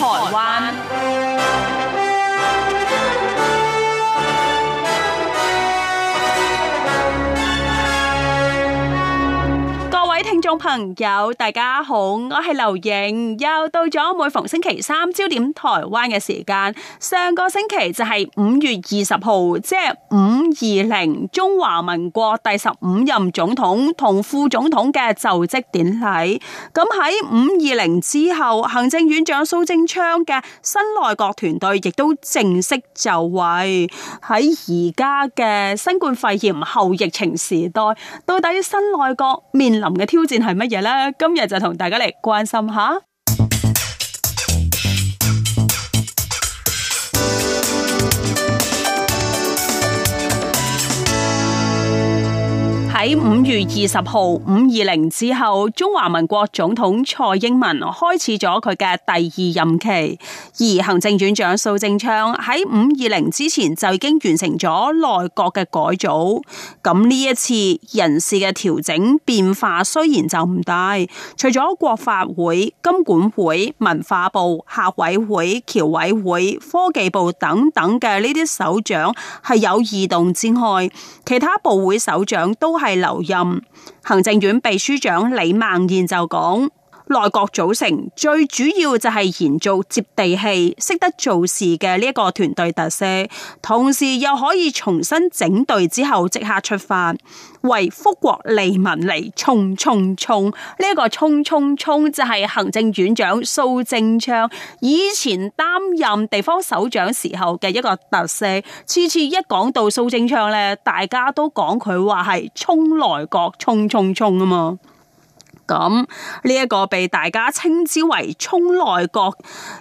台灣。朋友，大家好，我係劉瑩，又到咗每逢星期三焦點台灣嘅時間。上個星期就係五月二十號，即係五二零中華民國第十五任總統同副總統嘅就職典禮。咁喺五二零之後，行政院長蘇貞昌嘅新內閣團隊亦都正式就位。喺而家嘅新冠肺炎後疫情時代，到底新內閣面臨嘅挑戰？係乜嘢啦？今日就同大家嚟關心下。喺五月二十號五二零之後，中華民國總統蔡英文開始咗佢嘅第二任期，而行政院長蘇貞昌喺五二零之前就已經完成咗內閣嘅改組。咁呢一次人事嘅調整變化雖然就唔大，除咗國法會、金管會、文化部、客委會、僑委會、科技部等等嘅呢啲首長係有異動之外，其他部會首長都係，留任，行政院秘書長李孟諺就講。內閣組成最主要就係延續接地氣、識得做事嘅呢一個團隊特色，同時又可以重新整隊之後即刻出發，為福國利民嚟衝衝衝。呢、這、一個衝衝衝就係、是、行政院長蘇貞昌以前擔任地方首長時候嘅一個特色。次次一講到蘇貞昌呢，大家都講佢話係衝內閣衝衝衝啊嘛。咁呢一個被大家稱之為衝內閣，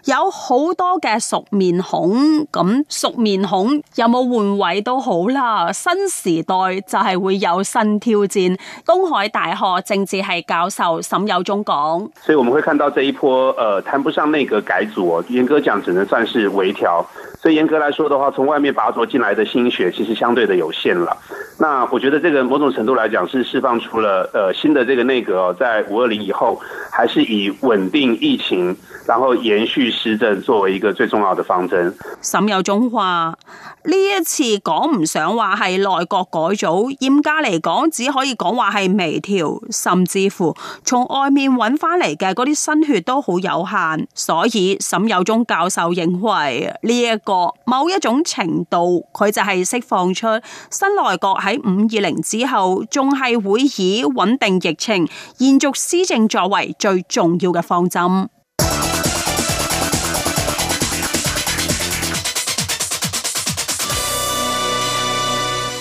有好多嘅熟面孔。咁熟面孔有冇換位都好啦，新時代就係會有新挑戰。東海大學政治系教授沈有忠講：所以我們會看到這一波，誒、呃，談不上內閣改組、哦，嚴格講只能算是微調。所以嚴格來說的話，從外面拔擢進來的新血其實相對的有限了。那我覺得這個某種程度來講，是釋放出了，誒、呃、新的這個內閣、哦、在。喺五二零以後，還是以穩定疫情，然後延續施政作為一個最重要的方針。沈有忠話：呢一次講唔上話係內閣改組，嚴格嚟講，只可以講話係微調，甚至乎從外面揾翻嚟嘅嗰啲新血都好有限。所以沈有忠教授認為呢一、這個某一種程度，佢就係釋放出新內閣喺五二零之後仲係會以穩定疫情現續施政作為最重要的方針。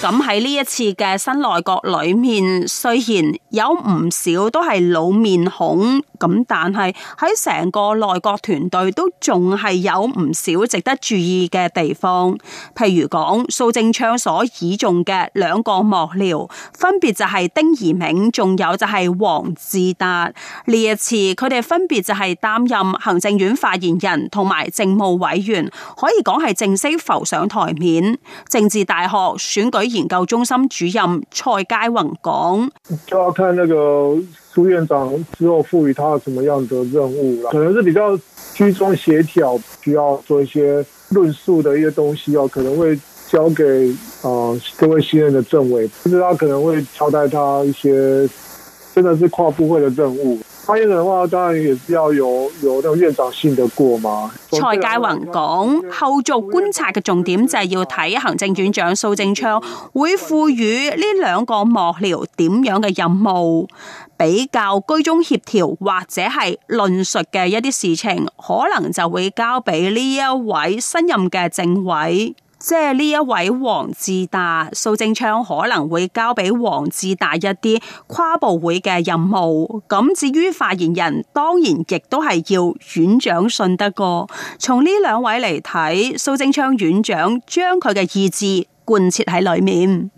咁喺呢一次嘅新內閣裏面，雖然有唔少都係老面孔，咁但係喺成個內閣團隊都仲係有唔少值得注意嘅地方。譬如講，蘇貞昌所倚重嘅兩個幕僚，分別就係丁怡銘，仲有就係黃志達。呢一次佢哋分別就係擔任行政院發言人同埋政務委員，可以講係正式浮上台面。政治大學選舉研究中心主任蔡佳宏講：就要看那個蘇院長之後賦予他什麼樣的任務啦，可能是比較居中協調，需要做一些論述的一些東西哦，可能會交給啊各位新任的政委，甚至他可能會交代他一些真的是跨部會的任務。發言嘅話，當然也是要有有那個院長信得過嘛。蔡介云講，後續觀察嘅重點就係要睇行政院長蘇貞昌會賦予呢兩個幕僚點樣嘅任務，比較居中協調或者係論述嘅一啲事情，可能就會交俾呢一位新任嘅政委。即係呢一位黃志達，蘇貞昌可能會交俾黃志達一啲跨部會嘅任務。咁至於發言人，當然亦都係要院長信得過。從呢兩位嚟睇，蘇貞昌院長將佢嘅意志貫徹喺裏面。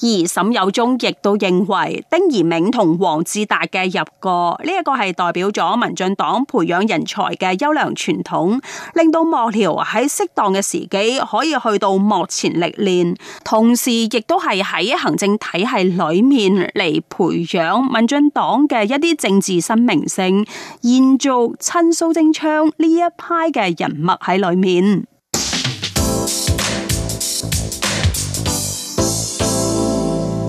而沈有忠亦都認為丁，丁怡銘同黃致達嘅入閣呢一個係代表咗民進黨培養人才嘅優良傳統，令到幕僚喺適當嘅時機可以去到幕前歷練，同時亦都係喺行政體系裏面嚟培養民進黨嘅一啲政治新明星，延續親蘇貞昌呢一派嘅人物喺裏面。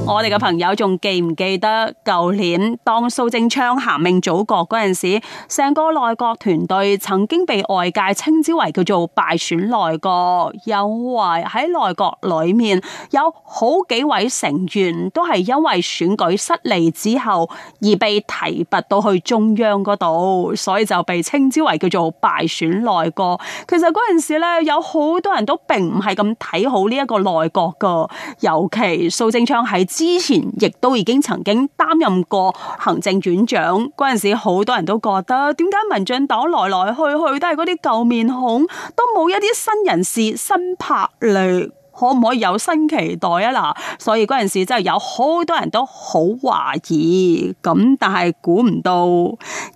我哋嘅朋友仲記唔記得舊年，當蘇貞昌銜命組閣嗰陣時，成個內閣團隊曾經被外界稱之為叫做敗選內閣，有為喺內閣裏面有好幾位成員都係因為選舉失利之後而被提拔到去中央嗰度，所以就被稱之為叫做敗選內閣。其實嗰陣時咧有好多人都並唔係咁睇好呢一個內閣噶，尤其蘇貞昌喺之前亦都已經曾經擔任過行政院長嗰陣時，好多人都覺得點解民進黨來來去去都係嗰啲舊面孔，都冇一啲新人士，新魄力。可唔可以有新期待啊？嗱，所以陣時真係有好多人都好懷疑咁，但係估唔到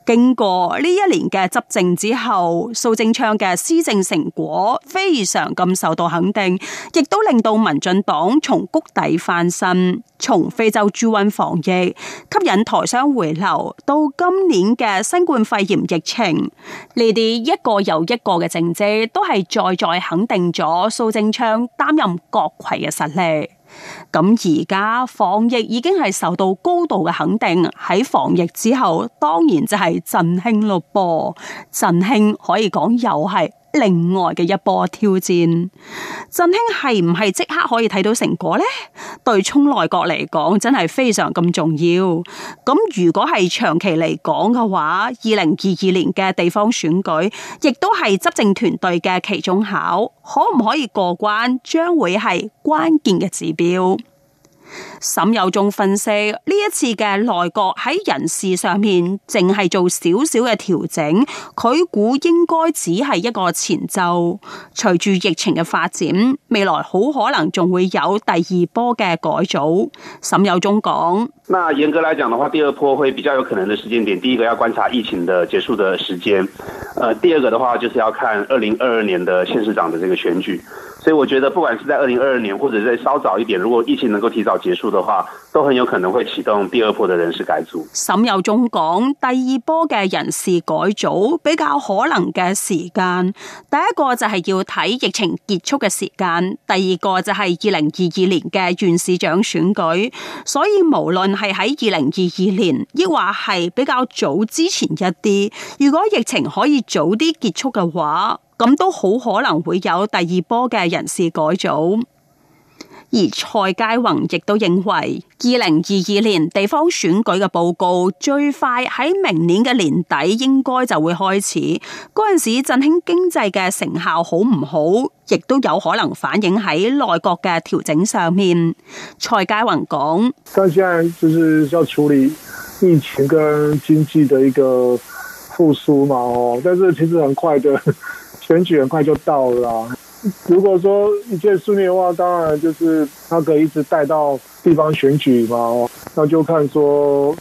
經過呢一年嘅執政之後，蘇貞昌嘅施政成果非常咁受到肯定，亦都令到民進黨從谷底翻身，從非洲豬瘟防疫、吸引台商回流到今年嘅新冠肺炎疫情，呢啲一個又一個嘅政績，都係在在肯定咗蘇貞昌擔任。國葵嘅實力，咁而家防疫已經係受到高度嘅肯定。喺防疫之後，當然就係振興咯噃，振興可以講又係。另外嘅一波挑戰，振興係唔係即刻可以睇到成果呢？對衝內閣嚟講，真係非常咁重要。咁如果係長期嚟講嘅話，二零二二年嘅地方選舉，亦都係執政團隊嘅期中考，可唔可以過關，將會係關鍵嘅指標。沈有忠分析呢一次嘅內閣喺人事上面淨係做少少嘅調整，佢估應該只係一個前奏。隨住疫情嘅發展，未來好可能仲會有第二波嘅改組。沈有忠講，那嚴格嚟講的話，第二波會比較有可能嘅時間點，第一個要觀察疫情的結束的時間，呃，第二個的話，就是要看二零二二年的縣市長的這個選舉。所以我覺得，不管是在二零二二年或者再稍早一點，如果疫情能夠提早。結束的話，都很有可能會啟動第二波的人事改組。沈有忠講，第二波嘅人事改組比較可能嘅時間，第一個就係要睇疫情結束嘅時間，第二個就係二零二二年嘅縣市長選舉。所以無論係喺二零二二年，抑或係比較早之前一啲，如果疫情可以早啲結束嘅話，咁都好可能會有第二波嘅人事改組。而蔡佳宏亦都認為，二零二二年地方選舉嘅報告最快喺明年嘅年底應該就會開始。嗰陣時振興經濟嘅成效好唔好，亦都有可能反映喺內閣嘅調整上面。蔡佳宏講：但現在就是要處理疫情跟經濟嘅一個復甦嘛。哦，但是其實很快嘅，選舉很快就到了。如果說一切順利嘅話，當然就是他可以一直帶到地方選舉嘛。那就看說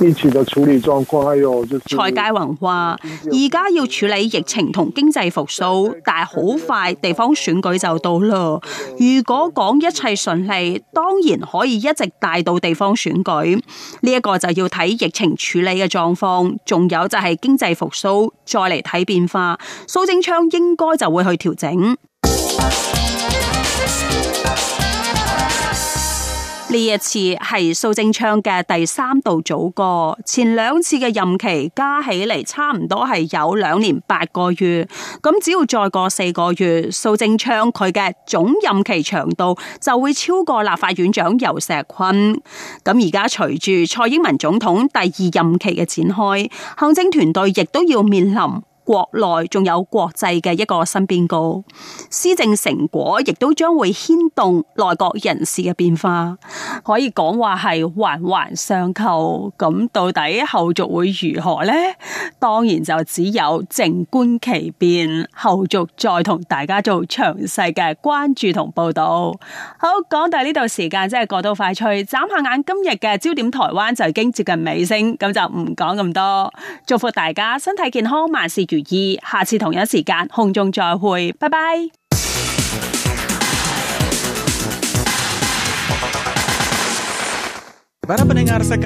疫情嘅處理狀況，還有就是。蔡佳宏話：而家要處理疫情同經濟復甦，但係好快地方選舉就到了。如果講一切順利，當然可以一直帶到地方選舉。呢、這、一個就要睇疫情處理嘅狀況，仲有就係經濟復甦再嚟睇變化。蘇貞昌應該就會去調整。呢一次係蘇貞昌嘅第三度組閣，前兩次嘅任期加起嚟，差唔多係有兩年八個月，咁只要再過四個月，蘇貞昌佢嘅總任期長度就會超過立法院長游錫堃。咁而家隨住蔡英文總統第二任期嘅展開，行政團隊亦都要面臨國內仲有國際嘅一個新變故，施政成果亦都將會牽動內閣人事嘅變化，可以講話係環環相扣。咁到底後續會如何呢？當然就只有靜觀其變，後續再同大家做詳細嘅關注同報道。好，講到呢度時間真係過到快脆，眨下眼今日嘅焦點台灣就已經接近尾聲，咁就唔講咁多。祝福大家身體健康，萬事注意，下次同一時間空中再會，拜拜。